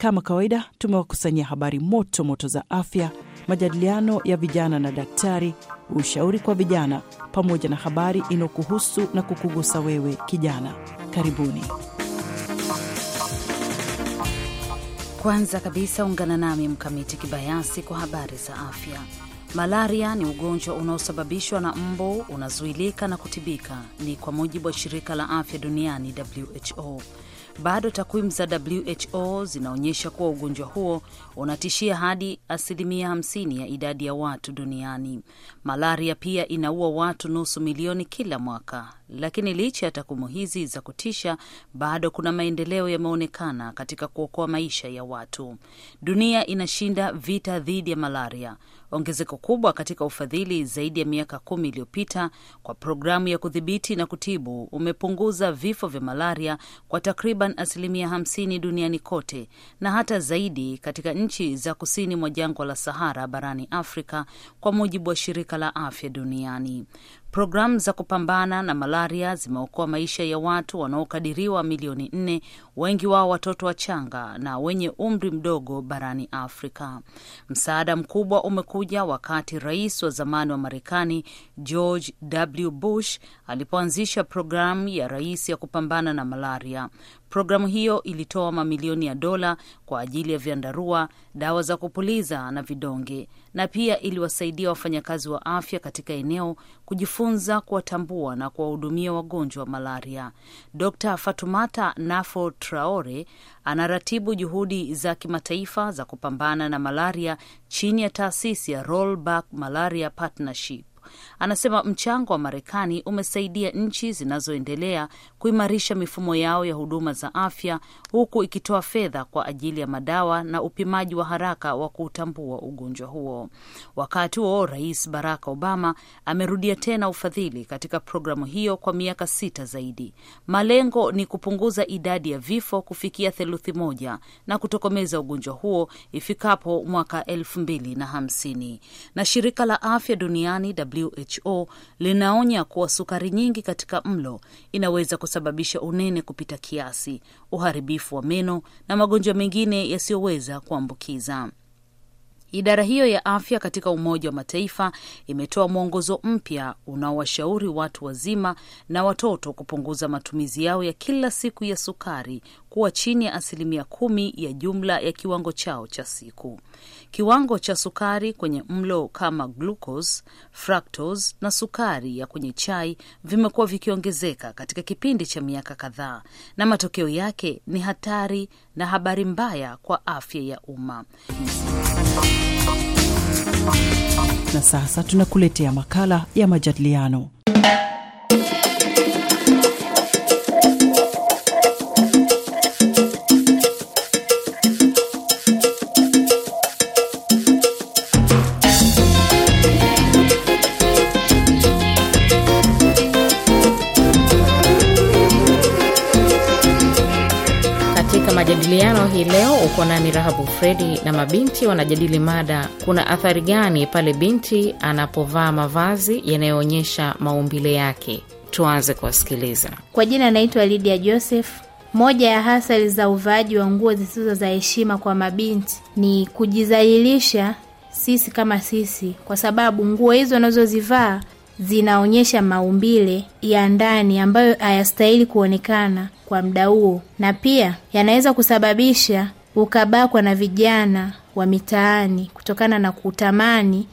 Kama kawaida, tumewakusanyia habari moto moto za afya, majadiliano ya vijana na daktari, ushauri kwa vijana, pamoja na habari inayokuhusu na kukugusa wewe kijana. Karibuni. Kwanza kabisa ungana nami Mkamiti Kibayasi kwa habari za afya. Malaria ni ugonjwa unaosababishwa na mbu, unazuilika na kutibika, ni kwa mujibu wa shirika la afya duniani WHO. Bado takwimu za WHO zinaonyesha kuwa ugonjwa huo unatishia hadi asilimia hamsini ya idadi ya watu duniani. Malaria pia inaua watu nusu milioni kila mwaka. Lakini licha ya takwimu hizi za kutisha, bado kuna maendeleo yameonekana katika kuokoa maisha ya watu. Dunia inashinda vita dhidi ya malaria. Ongezeko kubwa katika ufadhili zaidi ya miaka kumi iliyopita kwa programu ya kudhibiti na kutibu umepunguza vifo vya malaria kwa takriban asilimia hamsini duniani kote na hata zaidi katika nchi za kusini mwa jangwa la Sahara barani Afrika, kwa mujibu wa shirika la afya duniani. Programu za kupambana na malaria zimeokoa maisha ya watu wanaokadiriwa milioni nne, wengi wao watoto wachanga na wenye umri mdogo barani Afrika. Msaada mkubwa umekuja wakati rais wa zamani wa Marekani George W. Bush alipoanzisha programu ya rais ya kupambana na malaria. Programu hiyo ilitoa mamilioni ya dola kwa ajili ya vyandarua, dawa za kupuliza na vidonge, na pia iliwasaidia wafanyakazi wa afya katika eneo kujifunza kuwatambua na kuwahudumia wagonjwa wa malaria. Dr Fatumata Nafo Traore anaratibu juhudi za kimataifa za kupambana na malaria chini ya taasisi ya Rollback Malaria Partnership. Anasema mchango wa Marekani umesaidia nchi zinazoendelea kuimarisha mifumo yao ya huduma za afya huku ikitoa fedha kwa ajili ya madawa na upimaji wa haraka wa kuutambua ugonjwa huo. Wakati huo Rais Barack Obama amerudia tena ufadhili katika programu hiyo kwa miaka sita zaidi. Malengo ni kupunguza idadi ya vifo kufikia theluthi moja na kutokomeza ugonjwa huo ifikapo mwaka elfu mbili na hamsini. Na shirika la afya duniani WHO linaonya kuwa sukari nyingi katika mlo inaweza kusababisha unene kupita kiasi, uharibifu wa meno na magonjwa mengine yasiyoweza kuambukiza. Idara hiyo ya afya katika Umoja wa Mataifa imetoa mwongozo mpya unaowashauri watu wazima na watoto kupunguza matumizi yao ya kila siku ya sukari kuwa chini ya asilimia kumi ya jumla ya kiwango chao cha siku. Kiwango cha sukari kwenye mlo kama glucose, fructose na sukari ya kwenye chai vimekuwa vikiongezeka katika kipindi cha miaka kadhaa, na matokeo yake ni hatari na habari mbaya kwa afya ya umma. Na sasa tunakuletea makala ya majadiliano majadiliano hii leo uko nami Rahabu Fredi na mabinti wanajadili mada, kuna athari gani pale binti anapovaa mavazi yanayoonyesha maumbile yake? Tuanze kuwasikiliza. Kwa jina anaitwa lidia Joseph. Moja ya hasari za uvaaji wa nguo zisizo za heshima kwa mabinti ni kujizalilisha sisi kama sisi, kwa sababu nguo hizo anazozivaa zinaonyesha maumbile ya ndani ambayo hayastahili kuonekana kwa muda huo, na pia yanaweza kusababisha ukabakwa na vijana wa mitaani kutokana na kutamani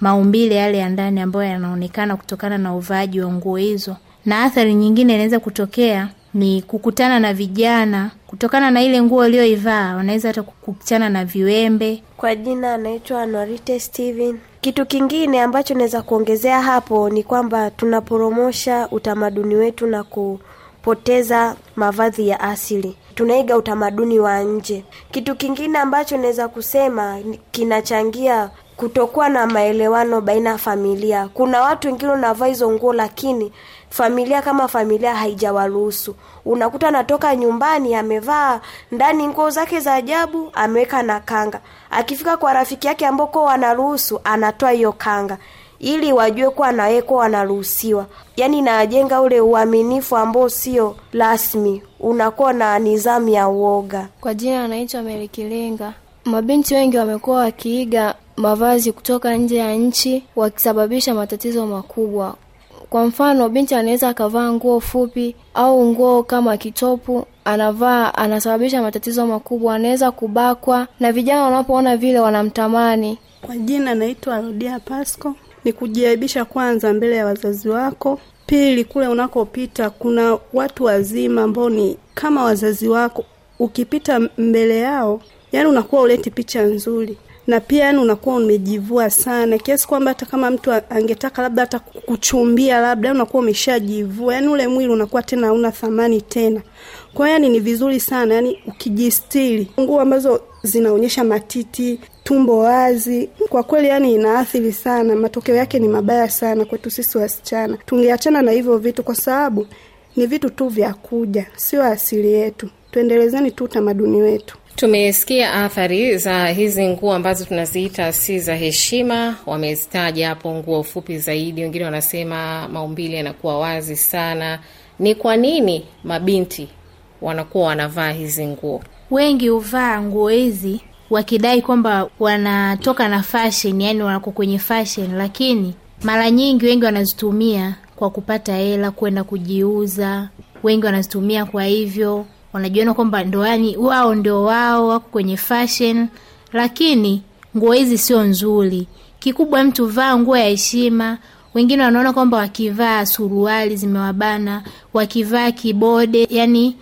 maumbile yale ya ndani ambayo yanaonekana kutokana na uvaaji wa nguo hizo. Na athari nyingine inaweza kutokea ni kukutana na vijana kutokana na ile nguo aliyoivaa, wanaweza hata kukutana na viwembe. Kwa jina anaitwa Norite Steven. Kitu kingine ambacho naweza kuongezea hapo ni kwamba tunaporomosha utamaduni wetu na ku kupoteza mavazi ya asili tunaiga utamaduni wa nje. Kitu kingine ambacho naweza kusema kinachangia kutokuwa na maelewano baina ya familia. Kuna watu wengine unavaa hizo nguo, lakini familia kama familia haijawaruhusu. Unakuta anatoka nyumbani amevaa ndani nguo zake za ajabu, ameweka na kanga, akifika kwa rafiki yake ambako wanaruhusu, anatoa hiyo kanga ili wajue kuwa na yeye kuwa wanaruhusiwa. Yaani inajenga ule uaminifu ambao sio rasmi, unakuwa na nidhamu ya uoga. Kwa jina anaitwa melikilinga Mabinti wengi wamekuwa wakiiga mavazi kutoka nje ya nchi, wakisababisha matatizo makubwa. Kwa mfano, binti anaweza akavaa nguo fupi au nguo kama kitopu anavaa anasababisha matatizo makubwa, anaweza kubakwa na vijana wanapoona vile wanamtamani. Kwa jina naitwa Rudia Pasco ni kujiaibisha kwanza mbele ya wazazi wako. Pili, kule unakopita kuna watu wazima ambao ni kama wazazi wako, ukipita mbele yao, yani unakuwa uleti picha nzuri na pia yani unakuwa umejivua sana kiasi kwamba hata kama mtu angetaka labda hata kuchumbia labda unakuwa umeshajivua, yani ule mwili unakuwa tena hauna thamani tena. Kwa yani ni vizuri sana yani ukijistiri, nguo ambazo zinaonyesha matiti tumbo wazi. Kwa kweli, yani inaathiri sana, matokeo yake ni mabaya sana kwetu sisi wasichana. Tungeachana na hivyo vitu, kwa sababu ni vitu tu vya kuja, sio asili yetu. Tuendelezeni tu utamaduni wetu. Tumesikia athari za hizi nguo ambazo tunaziita si za heshima. Wamezitaja hapo nguo fupi zaidi, wengine wanasema maumbili yanakuwa wazi sana. Ni kwa nini mabinti wanakuwa wanavaa hizi nguo? Wengi huvaa nguo hizi wakidai kwamba wanatoka na fashion, yani wanako kwenye fashion, lakini mara nyingi wengi wanazitumia kwa kupata hela kwenda kujiuza, wengi wanazitumia kwa hivyo wanajiona kwamba ndo yani wao ndio wao wako kwenye fashion, lakini nguo hizi sio nzuri. Kikubwa mtu vaa nguo ya heshima. Wengine wanaona kwamba wakivaa suruali zimewabana, wakivaa kibode, yani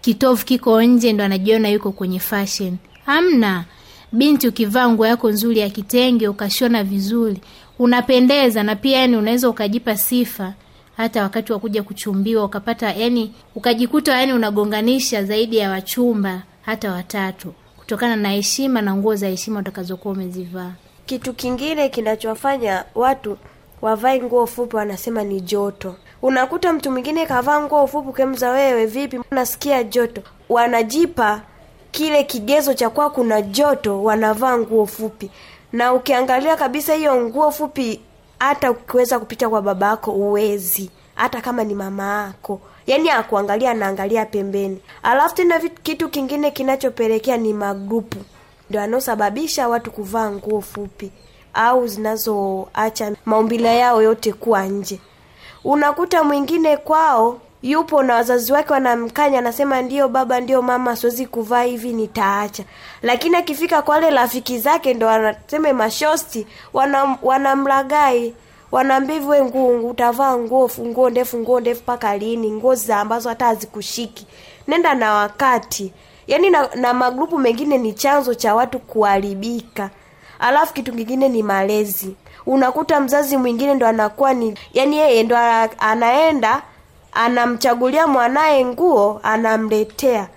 kitovu kiko nje, ndo anajiona yuko kwenye fashion. Hamna. Binti, ukivaa nguo yako nzuri ya kitenge ukashona vizuri, unapendeza na pia yani unaweza ukajipa sifa hata wakati wa kuja kuchumbiwa ukapata yani ukajikuta yani unagonganisha zaidi ya wachumba hata watatu kutokana na heshima na nguo za heshima utakazokuwa umezivaa. Kitu kingine kinachowafanya watu wavae nguo fupi wanasema ni joto. Unakuta mtu mwingine kavaa nguo fupi, ukemza wewe, vipi, nasikia joto, wanajipa kile kigezo cha kwa kuna joto wanavaa nguo fupi, na ukiangalia kabisa hiyo nguo fupi, hata ukiweza kupita kwa baba yako uwezi, hata kama ni mama yako yaani akuangalia anaangalia pembeni. Alafu tena kitu kingine kinachopelekea ni magrupu, ndo anaosababisha watu kuvaa nguo fupi au zinazoacha maumbila yao yote kuwa nje. Unakuta mwingine kwao yupo na wazazi wake wanamkanya, anasema ndio baba, ndio mama, siwezi kuvaa hivi, nitaacha. Lakini akifika kwa wale rafiki zake ndo wanasema mashosti, wanam, wanamlagai wanaambia hivyo, we ngungu, utavaa nguo nguo ndefu nguo ndefu mpaka lini? Nguo za ambazo hata hazikushiki, nenda na wakati. Yani na, na magrupu mengine ni chanzo cha watu kuharibika. Alafu kitu kingine ni malezi, unakuta mzazi mwingine ndo anakuwa ni yani yeye ndo anaenda anamchagulia mwanaye nguo anamletea,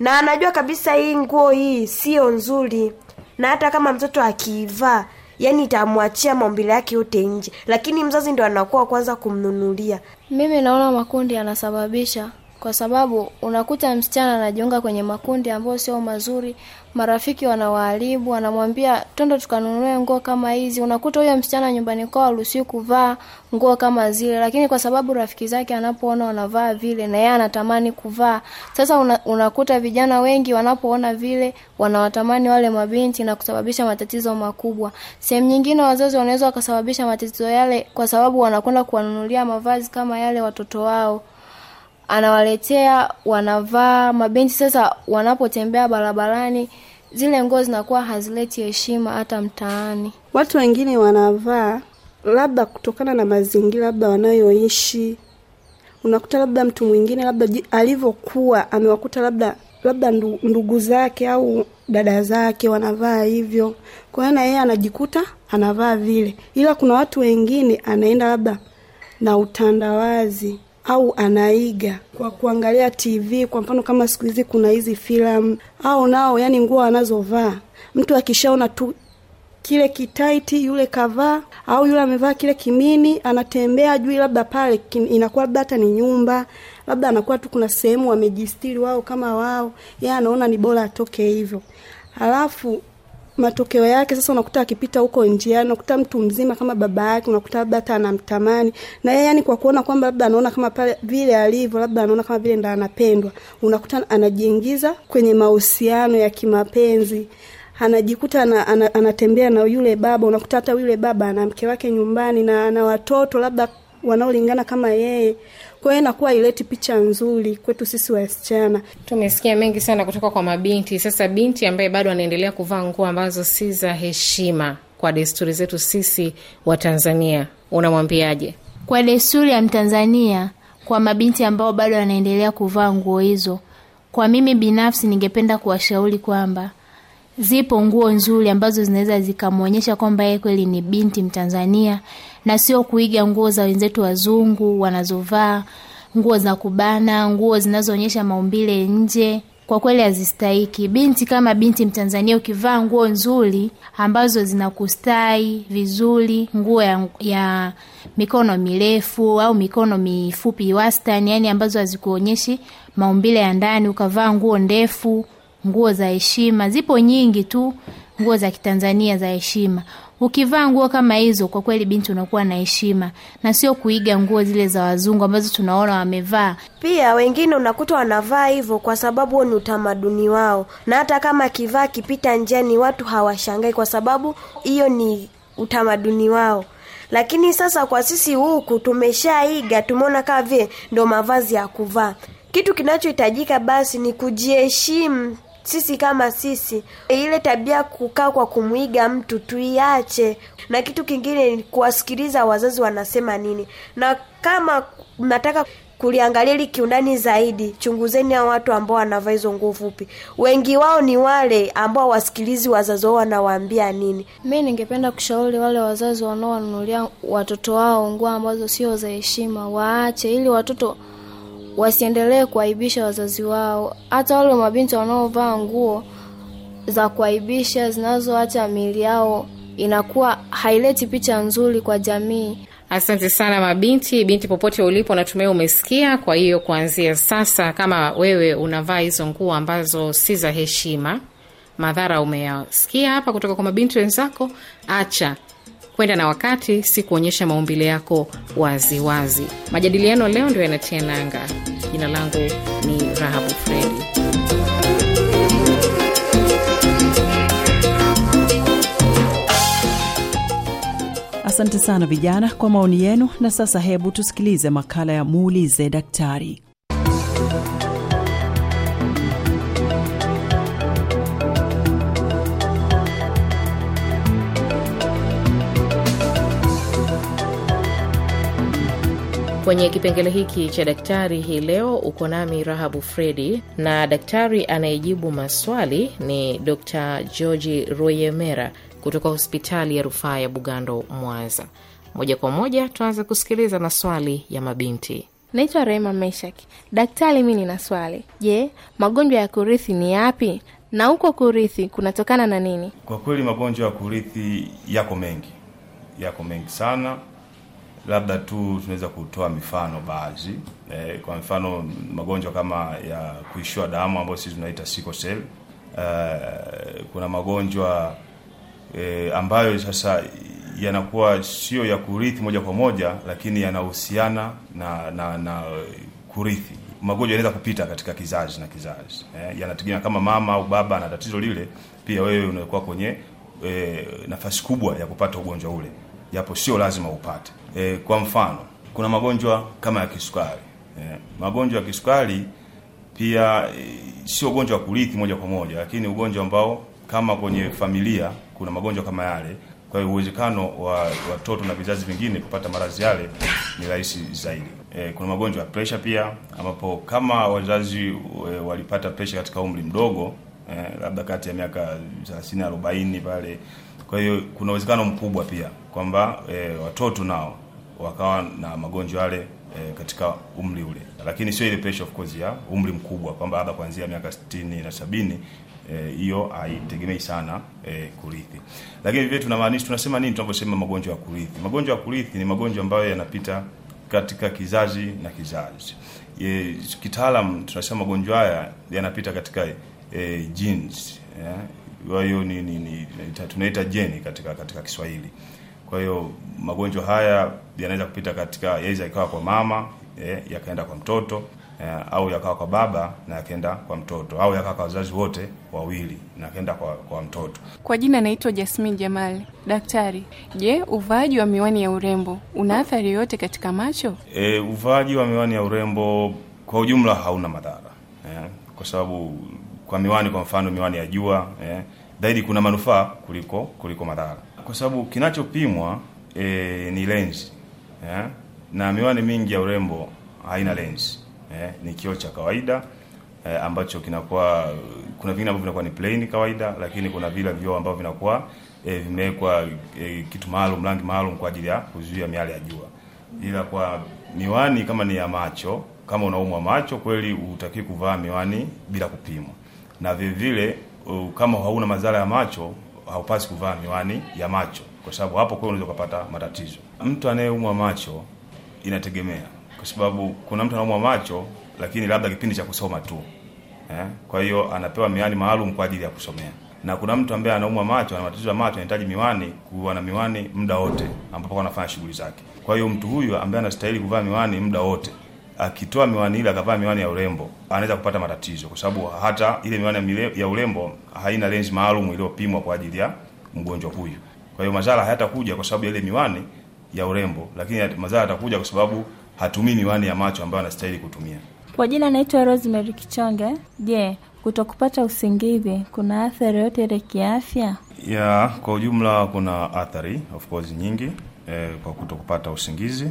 na anajua kabisa hii nguo hii sio nzuri, na hata kama mtoto akiivaa yani itamwachia maumbile yake yote nje, lakini mzazi ndo anakuwa kwanza kumnunulia. Mimi naona makundi yanasababisha kwa sababu unakuta msichana anajiunga kwenye makundi ambayo sio mazuri, marafiki wanawaharibu, wanamwambia twende tukanunue nguo kama hizi. Unakuta huyo msichana nyumbani kwao haruhusiwi kuvaa nguo kama zile, lakini kwa sababu rafiki zake anapoona wanavaa vile na yeye anatamani kuvaa. Sasa una, unakuta vijana wengi wanapoona vile wanawatamani wale mabinti na kusababisha matatizo makubwa. Sehemu nyingine wazazi wanaweza wakasababisha matatizo yale kwa sababu wanakwenda kuwanunulia mavazi kama yale watoto wao anawaletea wanavaa mabenchi Sasa wanapotembea barabarani zile nguo zinakuwa hazileti heshima hata mtaani. Watu wengine wanavaa labda kutokana na mazingira labda wanayoishi, unakuta labda mtu mwingine labda alivyokuwa amewakuta labda labda ndugu zake au dada zake wanavaa hivyo, kwa na yeye anajikuta anavaa vile, ila kuna watu wengine anaenda labda na utandawazi au anaiga kwa kuangalia TV. Kwa mfano kama siku hizi kuna hizi filamu au nao, yani nguo anazovaa mtu akishaona tu kile kitaiti yule kavaa au yule amevaa kile kimini, anatembea juu, labda pale inakuwa labda hata ni nyumba, labda anakuwa tu kuna sehemu wamejistiri wao kama wao, yeye anaona ni bora atoke hivyo. Halafu matokeo yake sasa unakuta akipita huko njiani unakuta mtu mzima kama baba yake unakuta labda hata anamtamani na yeye yani kwa kuona kwamba labda anaona kama pale vile alivyo labda anaona kama vile ndo anapendwa unakuta anajiingiza kwenye mahusiano ya kimapenzi anajikuta ana, ana, anatembea na yule baba unakuta hata yule baba ana mke wake nyumbani na ana watoto labda wanaolingana kama yeye. Kwa hiyo inakuwa ileti picha nzuri kwetu sisi wasichana. Tumesikia mengi sana kutoka kwa mabinti. Sasa binti ambaye bado anaendelea kuvaa nguo ambazo si za heshima kwa desturi zetu sisi wa Tanzania, unamwambiaje? Kwa desturi ya Mtanzania, kwa mabinti ambao bado wanaendelea kuvaa nguo hizo, kwa mimi binafsi, ningependa kuwashauri kwamba zipo nguo nzuri ambazo zinaweza zikamwonyesha kwamba yeye kweli ni binti Mtanzania na sio kuiga nguo za wenzetu wazungu wanazovaa, nguo za kubana, nguo zinazoonyesha maumbile nje. Kwa kweli hazistahiki. Binti kama binti Mtanzania, ukivaa nguo nzuri ambazo zinakustai vizuri, nguo ya, ya mikono mirefu au mikono mifupi wastani, yani ambazo hazikuonyeshi maumbile ya ndani, ukavaa nguo ndefu, nguo za heshima, zipo nyingi tu nguo za kitanzania za heshima. Ukivaa nguo kama hizo, kwa kweli binti unakuwa na heshima, na sio kuiga nguo zile za wazungu ambazo tunaona wamevaa. Pia wengine unakuta wanavaa hivyo kwa sababu huo ni utamaduni wao, na hata kama kivaa kipita njiani watu hawashangai kwa sababu hiyo ni utamaduni wao. Lakini sasa kwa sisi huku tumeshaiga, tumeona kaa vile ndo mavazi ya kuvaa. Kitu kinachohitajika basi ni kujiheshimu sisi kama sisi. Eh, ile tabia kukaa kwa kumwiga mtu tuiache, na kitu kingine ni kuwasikiliza wazazi wanasema nini, na kama mnataka kuliangalia hili kiundani zaidi, chunguzeni hao watu ambao wanavaa hizo nguo fupi. Wengi wao ni wale ambao wasikilizi wazazi wao wanawaambia nini. Mi ningependa kushauri wale wazazi wanaowanunulia watoto wao nguo ambazo sio za heshima waache, ili watoto wasiendelee kuaibisha wazazi wao, hata wale mabinti wanaovaa nguo za kuaibisha zinazoacha miili yao inakuwa haileti picha nzuri kwa jamii. Asante sana mabinti. Binti popote ulipo, natumai umesikia. Kwa hiyo kuanzia sasa, kama wewe unavaa hizo nguo ambazo si za heshima, madhara umeyasikia hapa kutoka kwa mabinti wenzako, acha kwenda na wakati si kuonyesha maumbile yako waziwazi wazi. Majadiliano leo ndio yanatia nanga. Jina langu ni Rahabu Fredi. Asante sana vijana kwa maoni yenu, na sasa hebu tusikilize makala ya muulize daktari. Kwenye kipengele hiki cha daktari hii leo uko nami Rahabu Fredi, na daktari anayejibu maswali ni Dr Georgi Royemera kutoka hospitali ya rufaa ya Bugando, Mwanza. Moja kwa moja tuanze kusikiliza maswali ya mabinti. Naitwa Rehema meshak Daktari, mi nina swali. Je, magonjwa ya kurithi ni yapi na huko kurithi kunatokana na nini? Kwa kweli magonjwa ya kurithi yako mengi, yako mengi sana labda tu tunaweza kutoa mifano baadhi e, kwa mfano magonjwa kama ya kuishiwa damu ambayo sisi tunaita sickle cell. E, kuna magonjwa e, ambayo sasa yanakuwa sio ya kurithi moja kwa moja, lakini yanahusiana na, na na kurithi. Magonjwa yanaweza kupita katika kizazi na kizazi e, yanategemea kama mama au baba ana tatizo lile, pia wewe unakuwa kwenye e, nafasi kubwa ya kupata ugonjwa ule, japo sio lazima upate. E, kwa mfano kuna magonjwa kama ya kisukari e, magonjwa ya kisukari pia e, sio ugonjwa wa kurithi moja kwa moja, lakini ugonjwa ambao kama kwenye familia kuna magonjwa kama yale. Kwa hiyo uwezekano wa watoto na vizazi vingine kupata maradhi yale ni rahisi zaidi. E, kuna magonjwa ya presha pia, ambapo kama wazazi e, walipata presha katika umri mdogo e, labda kati ya miaka 30 40 pale, kwa hiyo kuna uwezekano mkubwa pia kwamba e, watoto nao wakawa na magonjwa yale e, katika umri ule, lakini sio ile pressure of course ya umri mkubwa kwamba labda kuanzia miaka 60 na sabini eh, hiyo e, haitegemei sana e, kurithi. Lakini vile tunamaanisha tunasema nini tunaposema magonjwa ya kurithi? Magonjwa ya kurithi ni magonjwa ambayo yanapita katika kizazi na kizazi. E, kitaalam tunasema magonjwa haya yanapita katika e, genes. Kwa hiyo ni, ni, ni, tunaita jeni katika katika Kiswahili. Kwa hiyo magonjwa haya yanaweza kupita katika yaweza ikawa kwa mama eh, yakaenda kwa mtoto eh, au yakawa kwa baba na yakaenda kwa mtoto au yakawa kwa wazazi wote wawili na yakaenda kwa, kwa mtoto. Kwa jina naitwa Jasmine Jamali. Daktari, je, uvaaji wa miwani ya urembo una athari yoyote katika macho? E, uvaaji wa miwani ya urembo kwa ujumla hauna madhara eh, kwa sababu kwa miwani, kwa mfano miwani ya jua eh, zaidi kuna manufaa kuliko kuliko madhara kwa sababu kinachopimwa e, ni lenzi yeah? na miwani mingi ya urembo haina lenzi yeah? ni kioo cha kawaida e, ambacho kinakuwa kuna vingine ambavyo vinakuwa ni plain kawaida, lakini kuna vile vioo ambavyo vinakuwa e, vimewekwa e, kitu maalum, rangi maalum kwa ajili ya kuzuia miale ya jua. Ila kwa miwani kama ni ya macho, kama unaumwa macho kweli, utaki kuvaa miwani bila kupimwa, na vile vile kama hauna madhara ya macho haupasi kuvaa miwani ya macho, kwa sababu hapo kwa unaweza kupata matatizo. Mtu anayeumwa macho inategemea, kwa sababu kuna mtu anaumwa macho lakini labda kipindi cha kusoma tu eh, kwa hiyo anapewa miwani maalum kwa ajili ya kusomea, na kuna mtu ambaye anaumwa macho, ana matatizo ya macho, anahitaji miwani, kuwa na miwani muda wote ambapo anafanya shughuli zake. Kwa hiyo mtu huyu ambaye anastahili kuvaa miwani muda wote akitoa miwani ile akavaa miwani ya urembo anaweza kupata matatizo, kwa sababu hata ile miwani ya urembo haina lenzi maalum iliyopimwa kwa ajili ya mgonjwa huyu. Kwa hiyo madhara hayatakuja kwa sababu ya ile miwani ya urembo, lakini madhara yatakuja kwa sababu hatumii miwani ya macho ambayo anastahili kutumia. Kwa jina naitwa Rosemary Kichonge. Je, kutokupata usingizi kuna athari yote ile kiafya? Ya, kwa ujumla kuna athari of course nyingi eh, kwa kutokupata usingizi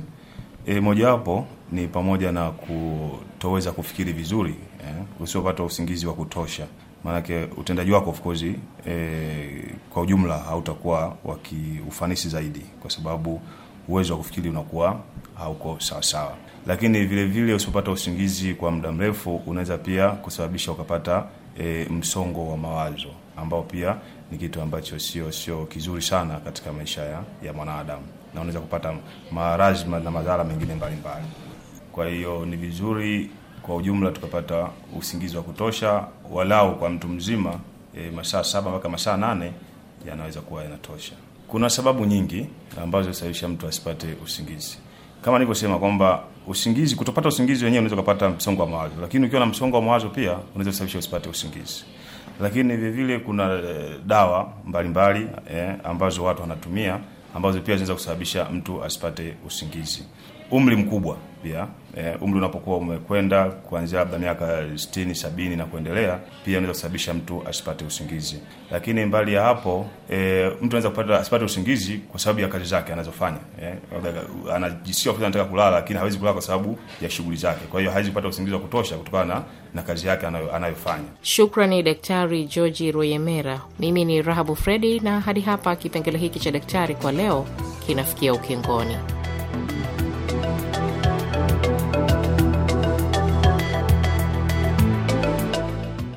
eh, mojawapo ni pamoja na kutoweza kufikiri vizuri eh, usiopata usingizi wa kutosha, maanake utendaji wako of course eh, kwa ujumla hautakuwa wa kiufanisi zaidi, kwa sababu uwezo wa kufikiri unakuwa hauko sawasawa. Lakini vile vile usipopata usingizi kwa muda mrefu unaweza pia kusababisha ukapata E, msongo wa mawazo ambao pia ni kitu ambacho sio sio kizuri sana katika maisha ya, ya mwanadamu na unaweza kupata marazima na madhara mengine mbalimbali mbali. Kwa hiyo ni vizuri kwa ujumla tukapata usingizi wa kutosha, walau kwa mtu mzima e, masaa saba mpaka masaa nane yanaweza kuwa yanatosha. Kuna sababu nyingi ambazo zinasababisha mtu asipate usingizi, kama nilivyosema kwamba usingizi, kutopata usingizi wenyewe unaweza kupata msongo wa mawazo, lakini ukiwa na msongo wa mawazo pia unaweza kusababisha usipate usingizi. Lakini vile vile kuna e, dawa mbalimbali mbali, eh, e, ambazo watu wanatumia ambazo pia zinaweza kusababisha mtu asipate usingizi umri mkubwa pia e, umri unapokuwa umekwenda kuanzia labda miaka 60 70 na kuendelea, pia unaweza kusababisha mtu asipate usingizi. Lakini mbali ya hapo e, mtu anaweza kupata asipate usingizi kwa sababu ya kazi zake anazofanya e, eh, anajisikia kwamba anataka kulala, lakini hawezi kulala kwa sababu ya shughuli zake. Kwa hiyo hawezi kupata usingizi wa kutosha kutokana na, na kazi yake anayofanya. Shukrani Daktari George Royemera. Mimi ni Rahabu Fredi, na hadi hapa kipengele hiki cha daktari kwa leo kinafikia ukingoni.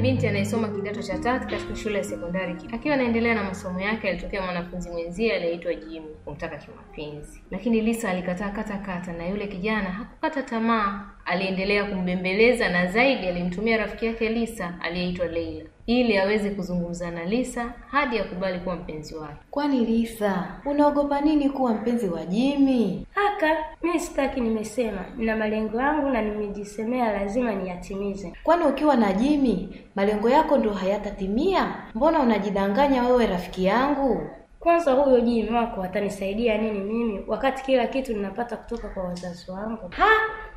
ni binti anayesoma kidato cha tatu katika shule ya sekondari. Akiwa anaendelea na masomo yake, alitokea mwanafunzi mwenzie aliyeitwa Jim kumtaka kimapenzi, lakini Lisa alikataa kata kata, na yule kijana hakukata tamaa, aliendelea kumbembeleza na zaidi alimtumia rafiki yake Lisa aliyeitwa Leila ili aweze kuzungumza na Lisa hadi akubali kuwa mpenzi wake. Kwani Lisa, unaogopa nini kuwa mpenzi wa Jimmy? Haka, mimi sitaki, nimesema nina malengo yangu na nimejisemea lazima niyatimize. Kwani ukiwa na Jimmy malengo yako ndio hayatatimia? Mbona unajidanganya wewe rafiki yangu? Kwanza huyo Jimmy wako atanisaidia nini mimi wakati kila kitu ninapata kutoka kwa wazazi wangu? Ha?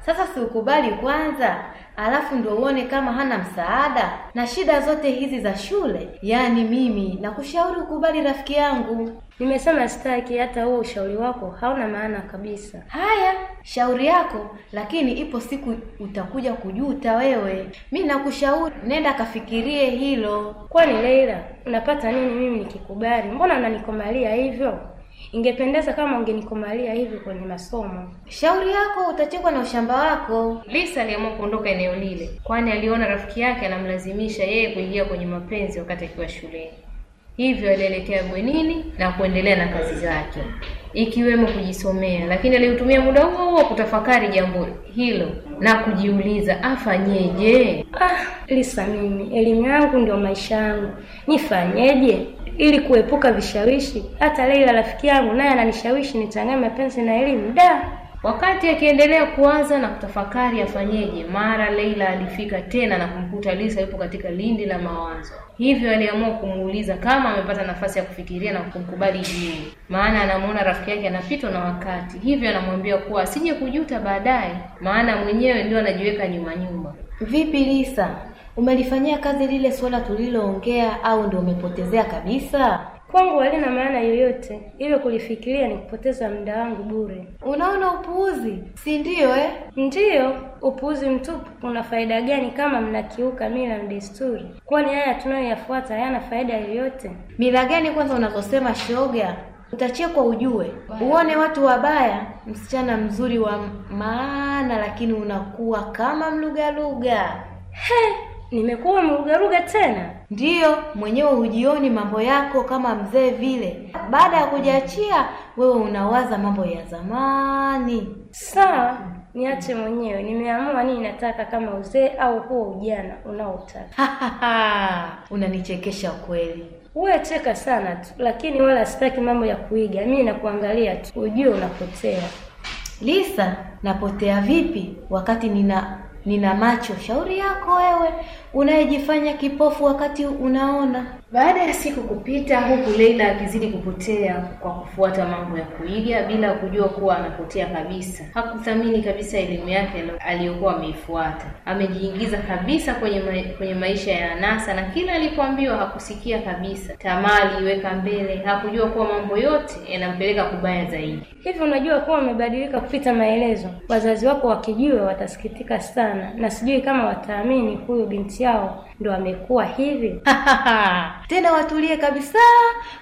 Sasa si ukubali kwanza, alafu ndio uone kama hana msaada na shida zote hizi za shule. Yaani mimi nakushauri ukubali, rafiki yangu. Nimesema sitaki, hata huo ushauri wako hauna maana kabisa. Haya, shauri yako, lakini ipo siku utakuja kujuta wewe. Mi nakushauri nenda kafikirie hilo. Kwani Leila, unapata nini mimi nikikubali? Mbona unanikomalia hivyo? Ingependeza kama ungenikomalia hivi kwenye masomo. Shauri yako, utachekwa na ushamba wako. Lisa aliamua kuondoka eneo lile, kwani aliona rafiki yake anamlazimisha yeye kuingia kwenye mapenzi wakati akiwa shuleni. Hivyo alielekea bwenini na kuendelea na kazi zake ikiwemo kujisomea, lakini aliutumia muda huo huo kutafakari jambo hilo na kujiuliza afanyeje. Ah, Lisa, mimi elimu yangu ndio maisha yangu, nifanyeje? ili kuepuka vishawishi. Hata Leila rafiki yangu naye ananishawishi nichanganye mapenzi na elimu da. Wakati akiendelea kuwaza na kutafakari afanyeje, mara Leila alifika tena na kumkuta Lisa yupo katika lindi la mawazo, hivyo aliamua kumuuliza kama amepata nafasi ya kufikiria na kumkubali jini, maana anamuona rafiki yake anapitwa na wakati, hivyo anamwambia kuwa asije kujuta baadaye, maana mwenyewe ndio anajiweka nyuma nyuma. Vipi Lisa, Umelifanyia kazi lile suala tuliloongea au ndio umepotezea kabisa? Kwangu halina maana yoyote, hivyo kulifikiria ni kupoteza muda wangu bure. Unaona upuuzi, si ndio eh? Ndiyo, upuuzi mtupu. Una faida gani kama mnakiuka mila na desturi? Kwani haya tunayoyafuata hayana faida yoyote? Mila gani kwanza unazosema shoga? Utachekwa ujue, uone watu wabaya. Msichana mzuri wa maana, lakini unakuwa kama mluga He! Nimekuwa mrugaruga tena? Ndiyo, mwenyewe hujioni mambo yako kama mzee vile. Baada ya kujiachia, wewe unawaza mambo ya zamani. Sawa, niache mwenyewe. Nimeamua nini nataka, kama uzee au huo ujana unaotaka. Unanichekesha kweli. Wewe cheka sana tu, lakini wala sitaki mambo ya kuiga. Mimi nakuangalia tu ujue unapotea. Lisa, napotea vipi wakati nina nina macho? Shauri yako wewe unayejifanya kipofu wakati unaona. Baada ya siku kupita, huku Leila akizidi kupotea kwa kufuata mambo ya kuiga bila kujua kuwa anapotea kabisa. Hakuthamini kabisa elimu yake aliyokuwa ameifuata. Amejiingiza kabisa kwenye ma kwenye maisha ya anasa, na kila alipoambiwa hakusikia kabisa. Tamaa aliiweka mbele, hakujua kuwa mambo yote yanampeleka kubaya zaidi. Hivyo unajua kuwa amebadilika kupita maelezo. Wazazi wako wakijua watasikitika sana, na sijui kama wataamini huyo binti yao ndo amekuwa hivi tena watulie kabisa,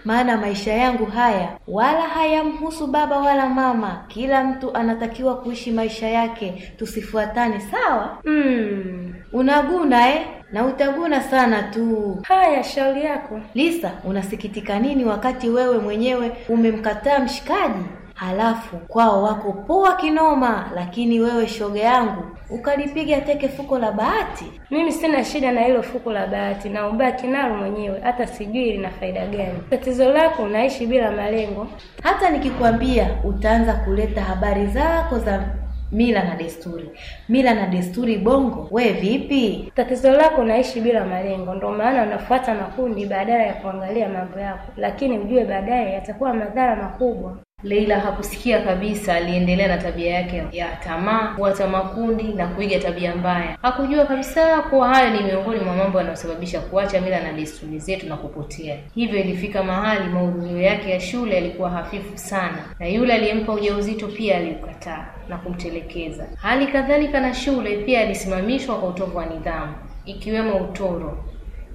maana maisha yangu haya wala hayamhusu baba wala mama. Kila mtu anatakiwa kuishi maisha yake, tusifuatane sawa? Mm, unaguna eh? na utaguna sana tu. Haya, shauri yako. Lisa, unasikitika nini wakati wewe mwenyewe umemkataa mshikaji? halafu kwao wako poa kinoma, lakini wewe shoga yangu ukalipiga teke fuko la bahati. Mimi sina shida na hilo fuko la bahati, naombea kinalo mwenyewe, hata sijui lina faida gani. Tatizo lako unaishi bila malengo. Hata nikikwambia utaanza kuleta habari zako za mila na desturi, mila na desturi Bongo, we vipi? Tatizo lako unaishi bila malengo, ndio maana unafuata makundi badala ya kuangalia mambo yako, lakini ujue baadaye yatakuwa madhara makubwa. Leila hakusikia kabisa. Aliendelea na tabia yake ya tamaa, kuwata makundi na kuiga tabia mbaya. Hakujua kabisa kuwa hayo ni miongoni mwa mambo yanayosababisha kuacha mila na desturi zetu na kupotea. Hivyo ilifika mahali mahudhurio yake ya shule yalikuwa hafifu sana, na yule aliyempa ujauzito pia aliukataa na kumtelekeza. Hali kadhalika na shule pia alisimamishwa kwa utovu wa nidhamu, ikiwemo utoro.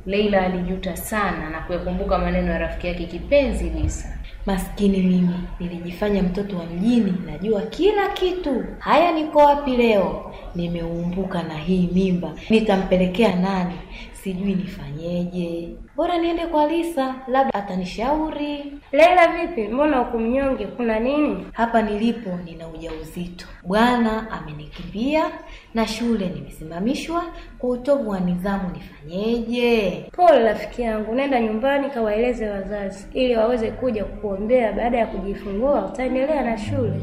Leila alijuta sana na kuyakumbuka maneno ya rafiki yake kipenzi Lisa. Maskini mimi nilijifanya mtoto wa mjini, najua kila kitu. Haya, niko wapi leo? Nimeumbuka na hii mimba, nitampelekea nani? sijui nifanyeje, bora niende kwa Lisa, labda atanishauri. Leila, vipi? Mbona uko mnyonge? Kuna nini? Hapa nilipo nina ujauzito, bwana amenikimbia na shule nimesimamishwa kwa utovu wa nidhamu, nifanyeje? Pole rafiki yangu, nenda nyumbani kawaeleze wazazi ili waweze kuja kukuombea. Baada ya kujifungua utaendelea na shule.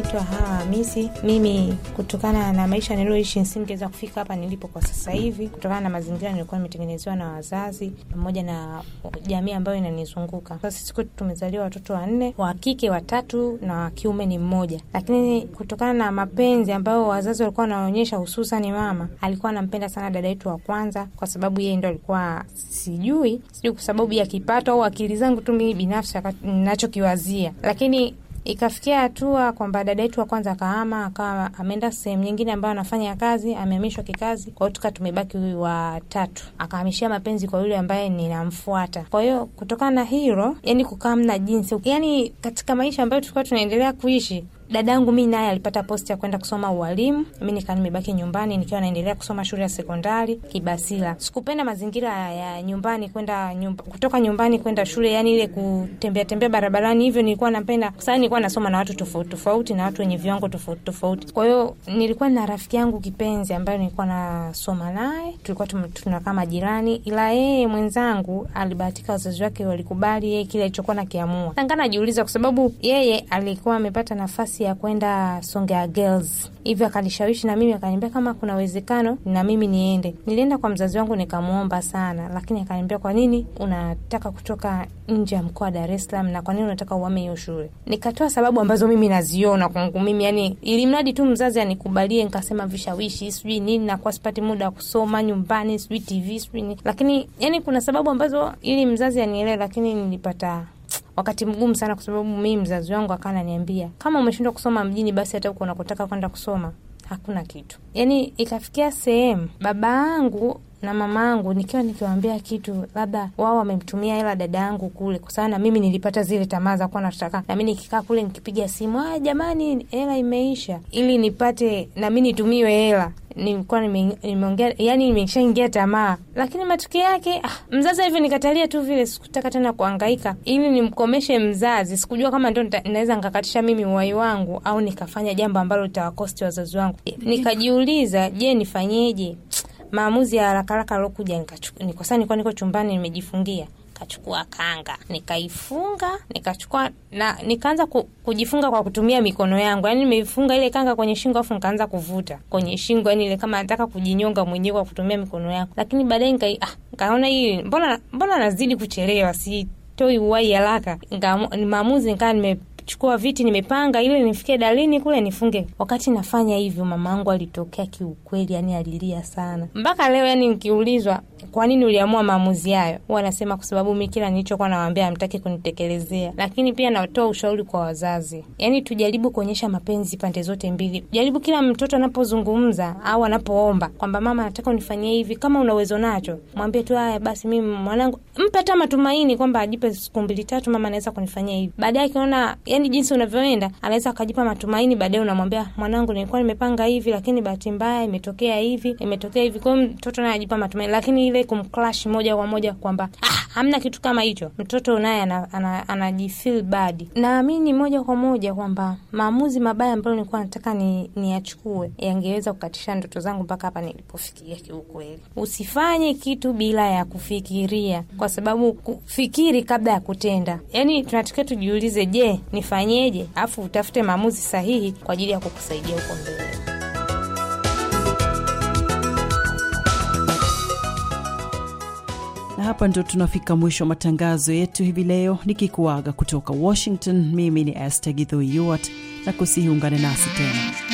naitwa Hawa Hamisi. Mimi kutokana na maisha niliyoishi nisingeweza kufika hapa nilipo kwa sasa hivi, kutokana na mazingira nilikuwa nimetengenezewa na wazazi pamoja na jamii ambayo inanizunguka. Sasa sisi kwetu tumezaliwa watoto wanne, wa kike watatu na wa kiume ni mmoja, lakini kutokana na mapenzi ambayo wazazi walikuwa wanaonyesha, hususani mama alikuwa anampenda sana dada yetu wa kwanza, kwa sababu yeye ndo alikuwa sijui sijui kwa sababu ya kipato au akili zangu tu mimi binafsi nachokiwazia, lakini Ikafikia hatua kwamba dada yetu wa kwanza akahama, akawa ameenda sehemu nyingine ambayo anafanya kazi, amehamishwa kikazi. Kwa hiyo tukaa tumebaki huyu wa tatu, akahamishia mapenzi kwa yule ambaye ninamfuata. Kwa hiyo kutokana na hilo, yani kukaa mna jinsi, yani katika maisha ambayo tulikuwa tunaendelea kuishi Dadangu mi naye alipata posti ya kwenda kusoma ualimu, mi nikaa nimebaki nyumbani nikiwa naendelea kusoma shule ya sekondari Kibasila. Sikupenda mazingira ya nyumbani kwenda nyumba, kutoka nyumbani kwenda shule, yani ile kutembea tembea barabarani hivyo nilikuwa napenda, kwa sababu nilikuwa nasoma na watu tofauti tofauti na watu wenye viwango tofauti tofauti. Kwa hiyo nilikuwa na rafiki yangu kipenzi ambayo nilikuwa nasoma naye, tulikuwa tunakaa majirani, ila yeye mwenzangu alibahatika, wazazi wake walikubali yeye kile alichokuwa nakiamua. Najiuliza kwa sababu yeye alikuwa amepata nafasi nafasi ya kwenda Songea Girls, hivyo akanishawishi na mimi akaniambia kama kuna uwezekano na mimi niende. Nilienda kwa mzazi wangu nikamwomba sana, lakini akaniambia kwa nini unataka kutoka nje ya mkoa wa Dar es Salaam na kwa nini unataka uhame hiyo shule? Nikatoa sababu ambazo mimi naziona kwangu mimi, yani ili mradi tu mzazi anikubalie. Nikasema vishawishi sijui nini, nakuwa sipati muda wa kusoma nyumbani, sijui TV sijui nini, lakini yani kuna sababu ambazo ili mzazi anielewe, lakini nilipata wakati mgumu sana, kwa sababu mimi mzazi wangu akawa ananiambia kama umeshindwa kusoma mjini, basi hata huko unakotaka kwenda kusoma hakuna kitu. Yani ikafikia sehemu baba yangu na mama angu nikiwa nikiwambia kitu, labda wao wamemtumia hela dada yangu kule, kwa sababu na mimi nilipata zile tamaa za kuwa nataka na mimi nikikaa kule nikipiga simu, a ah, jamani, hela imeisha, ili nipate na mimi nitumiwe hela nilikuwa nimeongea nime yani, nimeshaingia tamaa, lakini matukio yake ah, mzazi hivyo nikatalia tu vile, sikutaka tena kuangaika ili nimkomeshe mzazi. Sikujua kama ndo naweza nkakatisha mimi uwai wangu au nikafanya jambo ambalo litawakosti wazazi wangu. Nikajiuliza, je, nifanyeje? maamuzi ya haraka haraka alokuja, nikasa nikuwa niko chumbani nimejifungia kachukua kanga nikaifunga, nikachukua na nikaanza kujifunga kwa kutumia mikono yangu, yani nimeifunga ile kanga kwenye shingo, afu nikaanza kuvuta kwenye shingo, yani ile kama nataka kujinyonga mwenyewe kwa kutumia mikono yangu. Lakini baadaye nika ah, nkaona hii mbona mbona nazidi kuchelewa, sitoi uwai haraka, maamuzi nikaa nime kuchukua viti nimepanga ili nifike dalini kule nifunge. Wakati nafanya hivyo, mama angu alitokea kiukweli, yani alilia sana mpaka leo. Yani nkiulizwa kwa nini uliamua maamuzi hayo, huwa nasema kwa sababu mi kila nilichokuwa nawambia amtaki kunitekelezea. Lakini pia natoa ushauri kwa wazazi, yani tujaribu kuonyesha mapenzi pande zote mbili. Jaribu kila mtoto anapozungumza au anapoomba kwamba mama, nataka unifanyie hivi, kama una uwezo nacho, mwambie tu haya basi, mi mwanangu, mpe hata matumaini kwamba ajipe siku mbili tatu, mama anaweza kunifanyia hivi baadaye akiona yani jinsi unavyoenda anaweza akajipa matumaini, baadaye unamwambia mwanangu, nilikuwa nimepanga hivi, lakini bahati mbaya imetokea hivi, imetokea hivi. Kwa mtoto naye ajipa matumaini, lakini ile kumclash moja kwa moja kwamba ah, hamna kitu kama hicho, mtoto naye anajifeel badi Naamini moja kwa moja kwamba maamuzi mabaya ambayo nilikuwa nataka ni niachukue yangeweza kukatisha ndoto zangu mpaka hapa nilipofikiria Kiukweli, usifanye kitu bila ya kufikiria, kwa sababu kufikiri kabla ya kutenda. Yani tunatakiwa tujiulize, je, ni ufanyeje, alafu utafute maamuzi sahihi kwa ajili ya kukusaidia huko mbele. Na hapa ndio tunafika mwisho wa matangazo yetu hivi leo, nikikuaga kutoka Washington. Mimi ni este Githo na kusihi ungane nasi tena.